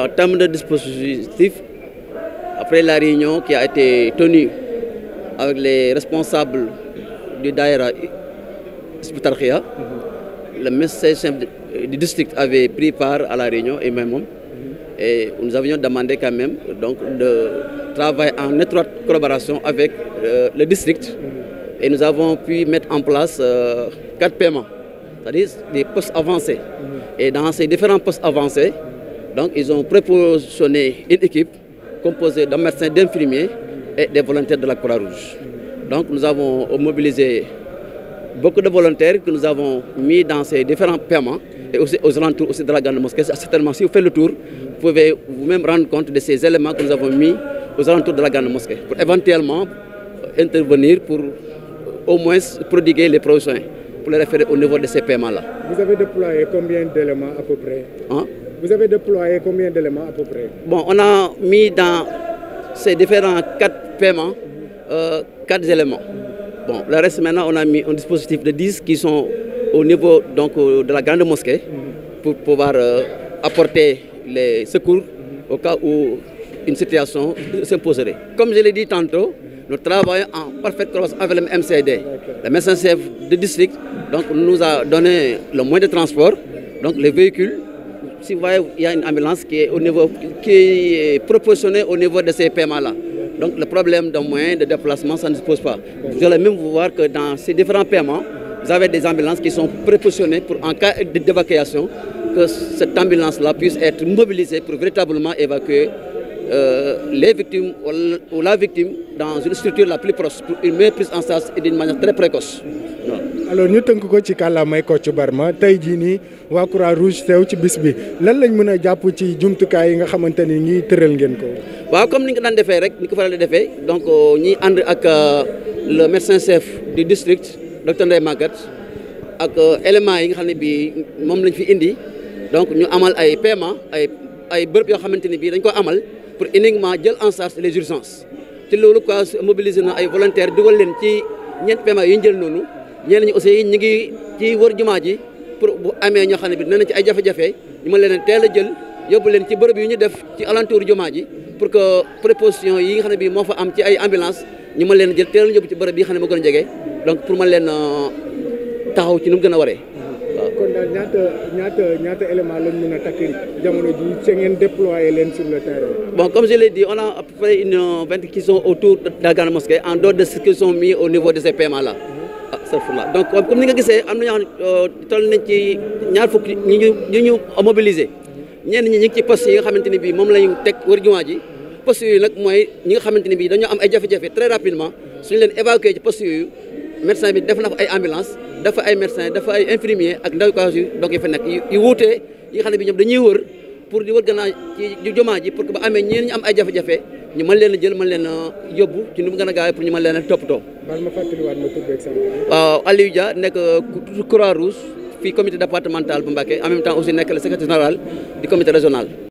En termes de dispositif, après la réunion qui a été tenue avec les responsables du Daïra Spitarkhia, mm -hmm. le message du district avait pris part à la réunion et même mm -hmm. et nous avions demandé quand même donc de travailler en étroite collaboration avec euh, le district mm -hmm. et nous avons pu mettre en place euh, quatre paiements, cest à des postes avancés. Et dans ces différents postes avancés, Donc ils ont prépositionné une équipe composée d'un médecin, d'infirmiers et des volontaires de la Croix-Rouge. Donc nous avons mobilisé beaucoup de volontaires que nous avons mis dans ces différents paiements et aussi aux alentours aussi de la Grande Mosquée. Certainement, si vous faites le tour, vous même rendre compte de ces éléments que nous avons mis aux alentours de la Grande Mosquée pour éventuellement intervenir pour au moins prodiguer les prochains pour les référer niveau de ces paiements Vous avez déployé combien d'éléments à Bon, on a mis dans ces différents quatre paiements, euh, quatre éléments. Bon, le reste on a mis un dispositif de 10 qui sont au niveau donc, euh, de la grande mosquée pour pouvoir euh, apporter les secours au cas où une situation s'imposerait. Comme je l'ai dit tantôt, nous travaillons en parfaite cross avec le MCD. Le médecin de district donc, nous a donné le moyen de transport, donc les véhicules Si vous voyez, il y a une ambulance qui est, au proportionnée au niveau de ces paiements-là. Donc le problème de moyens de déplacement, ça ne se pose pas. Vous allez même voir que dans ces différents paiements, vous avez des ambulances qui sont prépositionnées pour, en cas d'évacuation, que cette ambulance-là puisse être mobilisée pour véritablement évacuer euh, les victimes ou la victime dans une structure la plus proche, pour une meilleure prise en charge et d'une manière très précoce. alors ñu tënk ko ci kàllaamay Kocc Barma tey jii nii waa Croix-Rouge teew ci bis bi lan lañ mën a jàpp ci jumtukaay yi nga xamante ni ngi tëral ngeen ko. waaw comme ni nga daan defee rek ni ko faral di defee donc euh, ñi ànd ak euh, le médecin chef di district docteur Ndeye Maguette ak euh, éléments yi nga xam ne bii moom lañ fi indi donc ñu amal ay paiement ay ay bërëb yoo xamante ni bii dañ ko amal pour uniquement jël en charge les urgences ci loolu quoi mobiliser na ay volontaires dugal leen ci ñeent yi ñu jël noonu. ñeneen ñi aussi ñu ngi ci wër jumaa ji pour bu amee ñoo xam ne bi ci ay jafe-jafe ñu mën leen teel jël yóbbu leen ci bërëb yu ñu def ci alentour jumaa ji pour que préposition yi nga xam ne bi moo fa am ci ay ambulance ñu mën leen jël teel a yóbbu ci bërëb yi nga ne moo gën a donc pour mën leen euh, taxaw ci nu mu gën a waree waaw kon daal ñaata ñaata ñaata élément lañ mën a takk jamono ji ci ngeen déployé leen sur le terrain. bon comme je l'ai dit on a une euh, vingt qui autour de la grande mosquée en dehors de ce qui sont niveau de ces astafurlah donc comme ni nga gisee am na ñoo xam euh, toll nañ ñaar fukk ñi ñu ñu ñu mobiliser ñenn ñi ñu ngi ci poste yi nga xamante ne bii moom la teg wër jumaa ji poste yooyu nag mooy ñi nga xamante ne bii dañoo am ay jafe-jafe très rapidement suñu leen évacué ci post yooyu médecin bi def na fa ay ambulance dafa ay médecin dafa ay infirmier ak ndaw kaas yu donc yi fa nekk yu wuutee yi nga xam ne bi ñoom dañuy wër pour di wër gannaaw ci jumaa ji pour que ba amee ñeen ñu am ay jafe-jafe ñu man leen a jël man leen a yóbbu ci nu mu gën a gaawee pour ñu mën leen a toppatoo. man ma fàttaliwaat ma tudd exemple bi. waaw Aliou Dia nekk euh, Croix-Rouge fii comité départemental bu Mbacké en même temps aussi nekk le secrétaire général du comité régional.